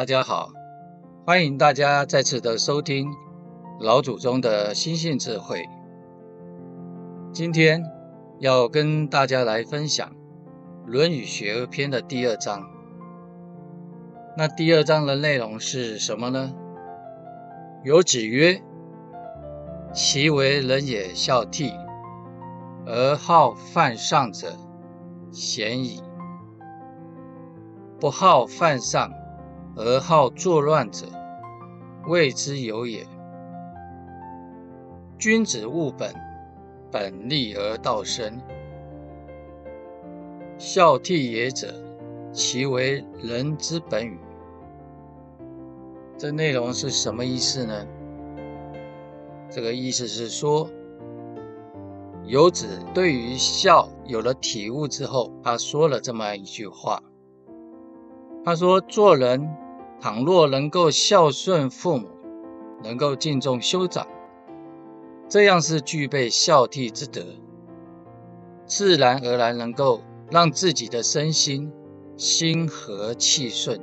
大家好，歡迎大家再次的收聽老祖宗的心性智慧。今天要跟大家來分享《論語·學而篇》的第二章。那第二章的內容是什麼呢？有子曰：“其為人也孝悌，而好犯上者，鮮矣；不好犯上，”而好作亂者，未之有也。君子務本，本立而道生。孝悌也者，其為人之本與？這內容是什麼意思呢？這個意思是說，有子對於孝有了體悟之後，他說了這麼一句話。他說：“做人，倘若能夠孝順父母，能夠敬重兄長，這樣是具備孝悌之德，自然而然能夠讓自己的身心心和氣順。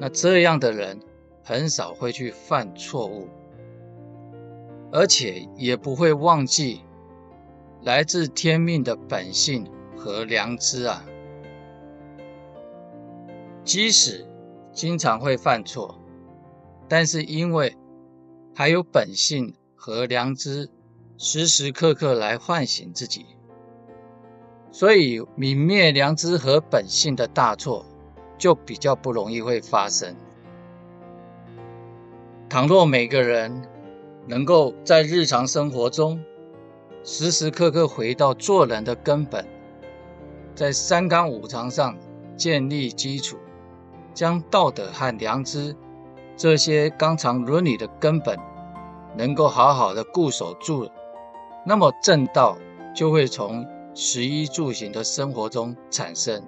那這樣的人很少會去犯錯誤，而且也不會忘記來自天命的本性和良知啊。”即使經常會犯錯，但是因為還有本性和良知，時時刻刻來喚醒自己，所以泯滅良知和本性的大錯就比較不容易會發生。倘若每個人能夠在日常生活中時時刻刻回到做人的根本，在三綱五常上建立基礎，將道德和良知這些綱常倫理的根本，能夠好好的固守住，那麼正道就會從食衣住行的生活中產生。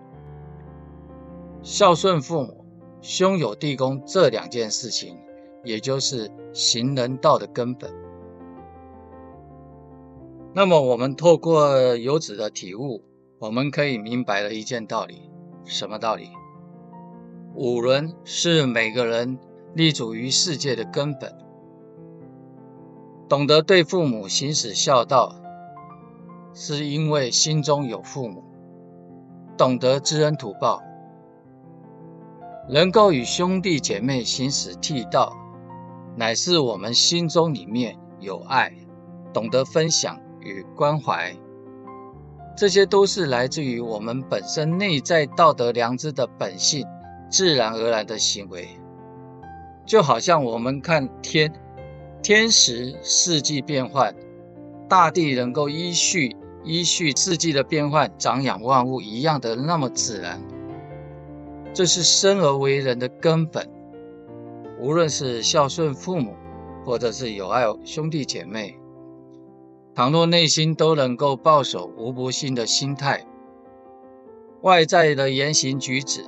孝順父母、兄友弟恭這兩件事情，也就是行人道的根本。那麼，我們透過有子的體悟，我們可以明白了一件道理：什麼道理？五倫是每個人立足於世界的根本。懂得對父母行使孝道，是因為心中有父母；懂得知恩圖報。能夠與兄弟姐妹行使悌道，乃是我們心中裡面有愛，懂得分享與關懷。這些都是來自於我們本身內在道德良知的本性。自然而然的行為，就好像我們看天，天時四季變換，大地能夠依序依序四季的變換長養萬物一樣的那麼自然。這是生而為人的根本。無論是孝順父母，或者是友愛兄弟姐妹，倘若內心都能夠抱守無不信的心態，外在的言行舉止。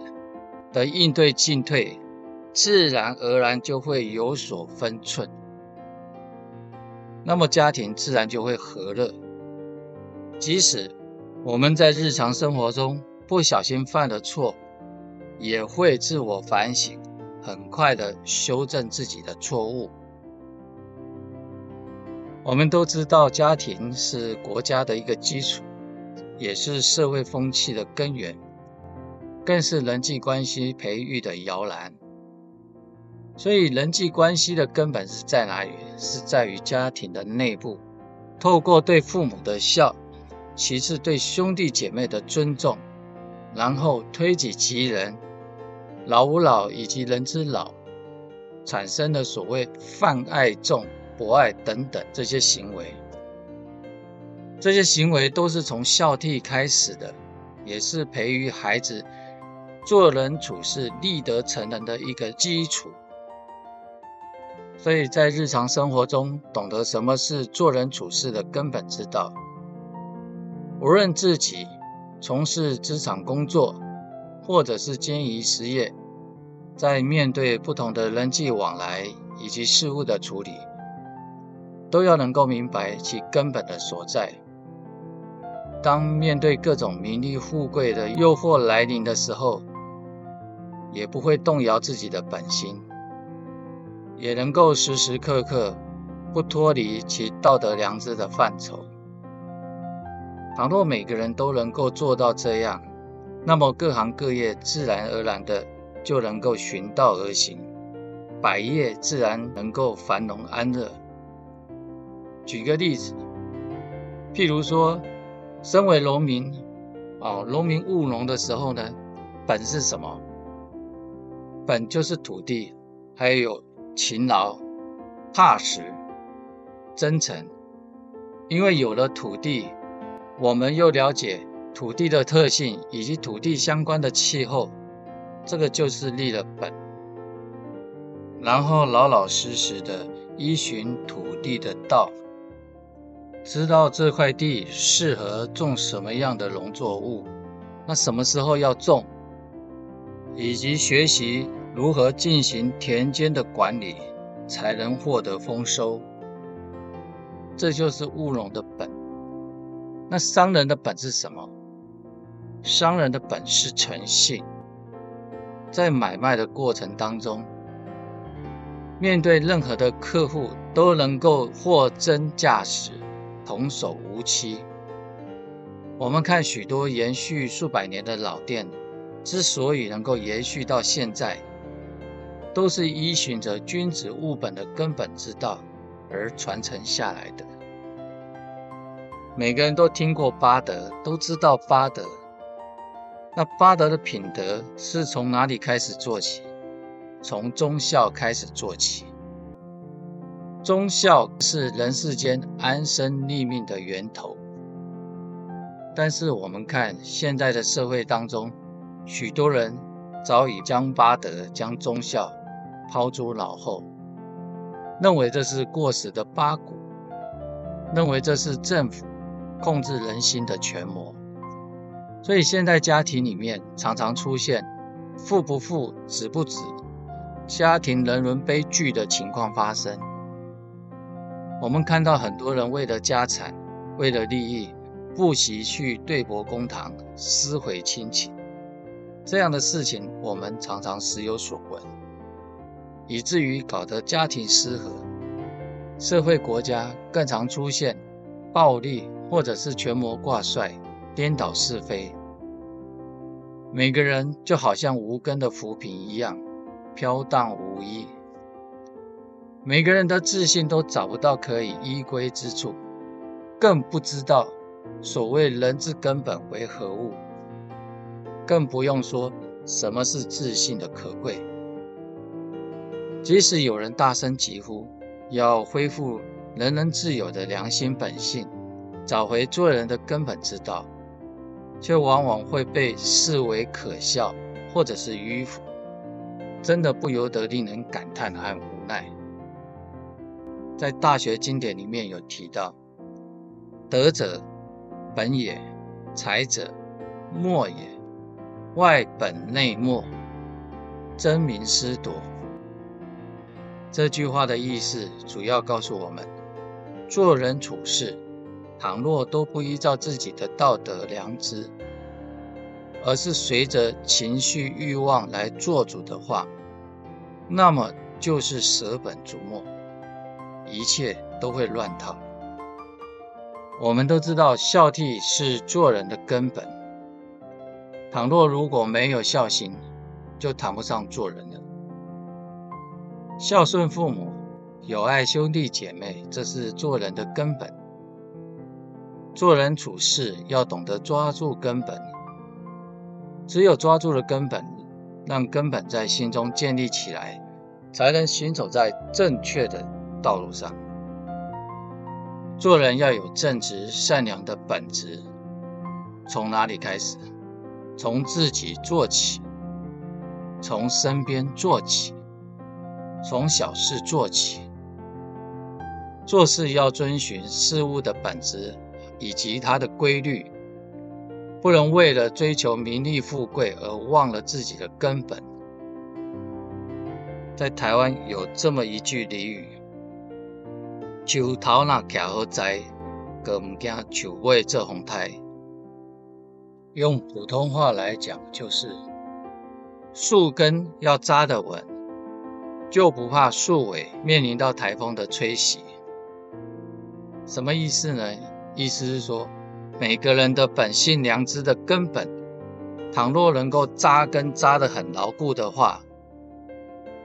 的應對進退，自然而然就會有所分寸，那麼家庭自然就會和樂。即使我們在日常生活中不小心犯了錯，也會自我反省，很快的修正自己的錯誤。我們都知道，家庭是國家的一個基礎，也是社會風氣的根源。便是人際關係培育的搖籃，所以人際關係的根本是在哪裡？是在於家庭的內部。透過對父母的孝，其次對兄弟姐妹的尊重，然後推己及人，老吾老以及人之老，產生的所謂泛愛眾、博愛等等這些行為，這些行為都是從孝悌開始的，也是培育孩子。做人處事、立德成人的一個基礎，所以在日常生活中，懂得什麼是做人處事的根本之道。無論自己從事職場工作，或者是經營實業，在面對不同的人際往來以及事物的處理，都要能夠明白其根本的所在。當面對各種名利富貴的誘惑來臨的時候，也不會動搖自己的本心，也能夠時時刻刻不脫離其道德良知的範疇。倘若每個人都能夠做到這樣，那麼各行各業自然而然的就能夠循道而行，百業自然能夠繁榮安樂。舉個例子，譬如說，身為農民，啊，農民務農的時候呢，本是什麼？本就是土地，還有勤勞、踏實、真誠。因為有了土地，我們又了解土地的特性以及土地相關的氣候，這個就是立了本。然後老老實實的依循土地的道，知道這塊地適合種什麼樣的農作物，那什麼時候要種，以及學習。如何進行田間的管理，才能獲得豐收？這就是務農的本。那商人的本是什麼？商人的本是誠信，在買賣的過程當中，面對任何的客戶都能夠貨真價實，童叟無欺。我們看許多延續數百年的老店，之所以能夠延續到現在，都是依循着君子務本的根本之道而傳承下來的。每個人都聽過八德，都知道八德。那八德的品德是從哪裡開始做起？從忠孝開始做起。忠孝是人世間安身立命的源頭。但是我們看現在的社會當中，許多人早已將八德、將忠孝拋諸腦後，認為這是過時的八股，認為這是政府控制人心的權謀，所以現在家庭裡面常常出現父不父、子不子、家庭人倫悲劇的情況發生。我們看到很多人為了家產、為了利益，不惜去對簿公堂、撕毀親情，這樣的事情我們常常時有所聞。以至於搞得家庭失和，社會國家更常出現暴力，或者是權謀掛帥、顛倒是非。每個人就好像無根的浮萍一樣，飄蕩無依。每個人的自信都找不到可以依歸之處，更不知道所謂人之根本為何物，更不用說什麼是自信的可貴。即使有人大聲疾呼，要恢復人人自有的良心本性，找回做人的根本之道，卻往往會被視為可笑或者是迂腐，真的不由得令人感嘆和無奈。在大學經典裡面有提到：“德者本也，財者末也，外本內末，爭民施奪。”這句話的意思主要告訴我們：做人處事，倘若都不依照自己的道德良知，而是隨着情緒欲望來做主的話，那麼就是舍本逐末，一切都會亂套。我們都知道，孝悌是做人的根本。倘若如果沒有孝心，就談不上做人了。孝順父母，友愛兄弟姐妹，這是做人的根本。做人處事要懂得抓住根本，只有抓住了根本，讓根本在心中建立起來，才能行走在正確的道路上。做人要有正直善良的本質，從哪裡開始？從自己做起，從身邊做起。從小事做起，做事要遵循事物的本質以及它的規律，不能為了追求名利富貴而忘了自己的根本。在台灣有這麼一句俚語：“樹頭若徛好栽，毋驚樹尾做風颱。 ”用普通話來講就是：樹根要紮得穩。就不怕樹尾面臨到台風的吹襲，什麼意思呢？意思是說，每個人的本性良知的根本，倘若能夠扎根扎得很牢固的話，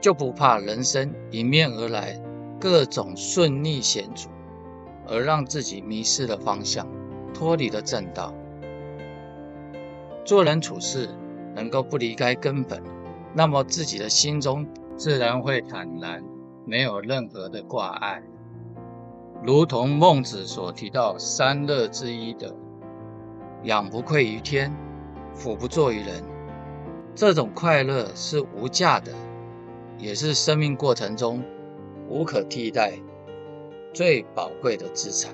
就不怕人生迎面而來各種順逆險阻，而讓自己迷失了方向，脫離了正道。做人處事能夠不離開根本，那麼自己的心中。自然會坦然，沒有任何的掛礙，如同孟子所提到三樂之一的“仰不愧於天，俯不怍於人”，這種快樂是無價的，也是生命過程中無可替代、最寶貴的資產。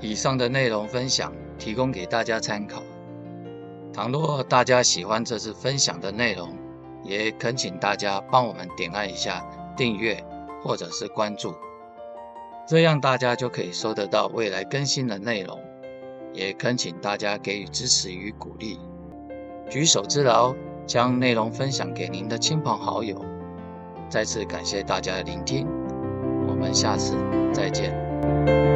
以上的內容分享提供給大家參考。倘若大家喜歡這次分享的內容，也懇請大家幫我們點按一下訂閱或者是關注，這樣大家就可以收得到未來更新的內容。也懇請大家給予支持與鼓勵，舉手之勞將內容分享給您的親朋好友。再次感謝大家的聆聽，我們下次再見。